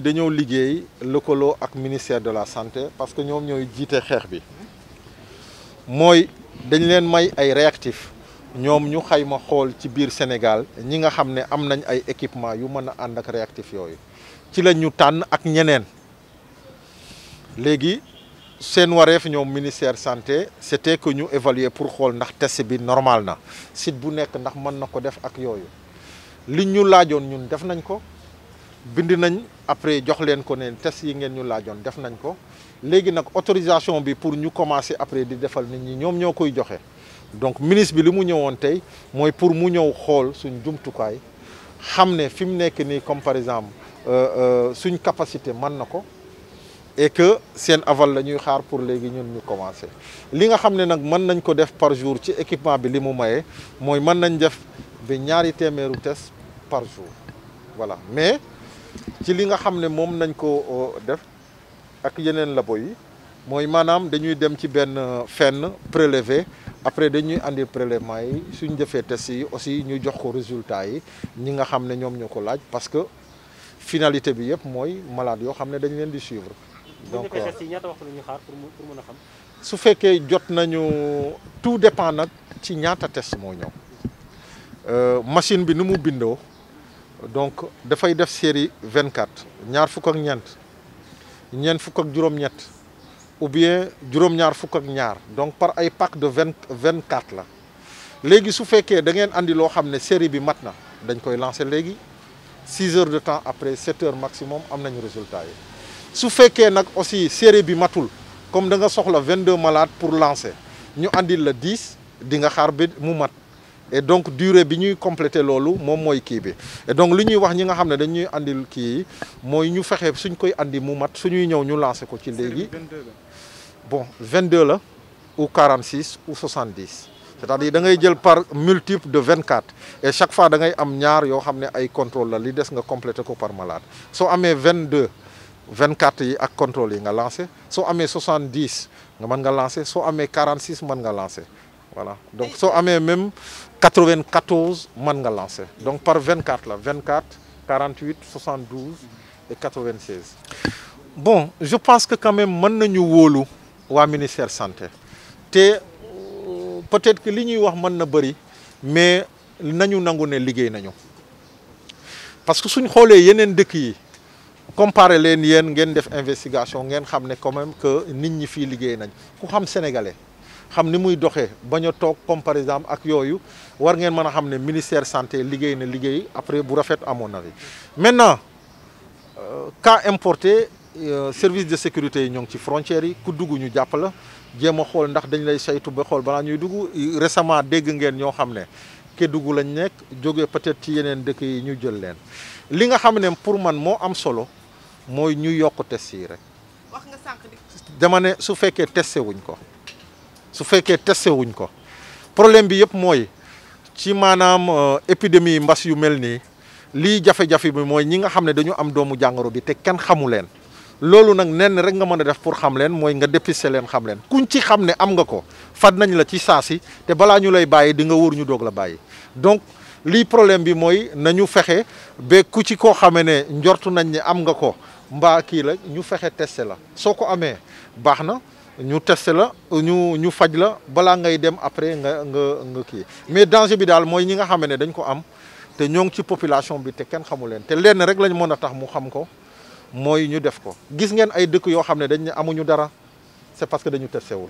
dañoo liggéey colo, ak ministère de la santé parce que ñoom ñooy jiite xeex bi mooy dañ leen may ay réactifs ñoom ñu xayma xool ci biir Sénégal ñi nga xam ne am nañ ay équipement yu mën a ànd ak réactif yooyu ci la ñu ak ñeneen léegi seen wareef ñoom ministère santé c'était que ñu évaluer pour xool ndax test bi normal na site bu nekk ndax mën na def ak yooyu li ñu laajoon ñun def nañ ko bind nañ après jox leen ko neen test yi ngeen ñu laajoon def nañ ko léegi nag autorisation bi pour ñu commencer après di defal nit ñi ñoom ñoo koy joxe donc ministre bi li mu ñëwoon tey mooy pour mu ñëw xool suñ jumtukaay xam ne fi mu nekk nii comme par exemple euh, euh, suñ capacité man na ko et que seen aval la ñuy xaar pour léegi ñun ñu commencer li nga xam ne nag mën nañ ko def par jour ci équipement bi li mu maye mooy mën nañ def ba ñaari téeméeru test par jour ci li nga xam ne moom nañ ko euh, def ak yeneen labo yi mooy maanaam dañuy dem ci benn euh, fenn prélever après dañuy andi prélèvement yi suñ defee test yi aussi ñu jox ko résultat yi ñi nga xam ne ñoom ñoo ko laaj parce que finalité bi yëpp mooy malade yoo xam ne dañ leen di suivre. donc bu ñu defee test mën a xam. su fekkee jot nañu tout dépend nag ci ñaata test moo ñëw euh, machine bi nu mu bindoo. donc il fait une série 24 ñaar ou bien djuroom ñaar ñaar donc par ay pack de 20, 24 là légui su féké da ngeen andi lo xamné série bi matna dañ koy lancer légui 6 heures de temps après 7 heures maximum am nañu résultat yi su féké nak aussi série bi matul comme da nga soxla 22 malades pour lancer ñu andil la 10 di nga xaar mu mat et donc durée bi ñuy compléter lolu mom moy ki bi et donc li ñuy wax ñi nga c'est que dañuy andil ki moy ñu fexé suñ koy andi mu mat suñuy ñëw ñu lancé ko ci bon 22 la ou 46 ou 70 c'est-à-dire da ngay jël par multiple de 24 et chaque fois da ngay am ñaar yo ay contrôle la li dess nga compléter ko par malade so amé 22 24 yi ak contrôle yi nga lancé so amé 70 nga man nga lancé so amé 46 man nga lancé voilà donc soo a même 94 mën donc par 24 là, 24 48 72 et 96. bon je pense que quand même mën nañu wóolu de ministère santé euh, peut-être que li ñuy wax mën na bëri mais nañu nangu sont liggéey nañu parce que suñ xoolee yeneen dëkk yi comparé leen yéen ngeen def investigation qui xam ne quand même que nous ñi fii liggéey nañ ku xam sénégalais. xam ni muy doxee bañ a toog comme par exemple ak yooyu war ngeen mën a xam ne ministère santé liggéey na liggéey après bu rafet amoon na avis maintenant euh, cas importé euh, service de sécurité yi ñoo ngi ci frontières yi ku dugg ñu jàpp la jéem a xool ndax dañ lay saytu ba xool balaa ñuy dugg récemment dégg ngeen ñoo xam ne Kédougou lañ nekk jógee peut-être ci yeneen dëkk yi ñu jël leen li nga xam ne pour man moo am solo mooy ñu yokk test yi rek. sànq dama ne su fekkee testé wuñ ko. su fekkee testé wuñ ko problème bi yëpp mooy ci maanaam euh, épidémie mbas yu mel nii lii jafe-jafe bi mooy ñi nga xam ne dañu am doomu jàngoro bi te kenn xamu leen loolu nag nenn rek nga mën a def pour xam leen mooy nga dépister leen xam leen kuñ ci xam ne am nga ko fat nañ la ci saa si te balaa ñu lay bàyyi di nga wóor ñu doog la bàyyi donc lii problème bi mooy nañu fexe ba ku ci koo xamee ne njortu nañ ne am nga ko mbaa kii la ñu fexe testé la soo ko amee baax na ñu testé la ñu ñu faj la balaa ngay dem après nga nga nga kii mais danger bi daal mooy ñi nga xame ne dañ ko am te ñoo ngi ci population bi te kenn xamu leen te lenn rek lañ mën a tax mu xam ko mooy ñu def ko gis ngeen ay dëkk yoo xam ne dañ amuñu dara c'est parce que dañu testé wul.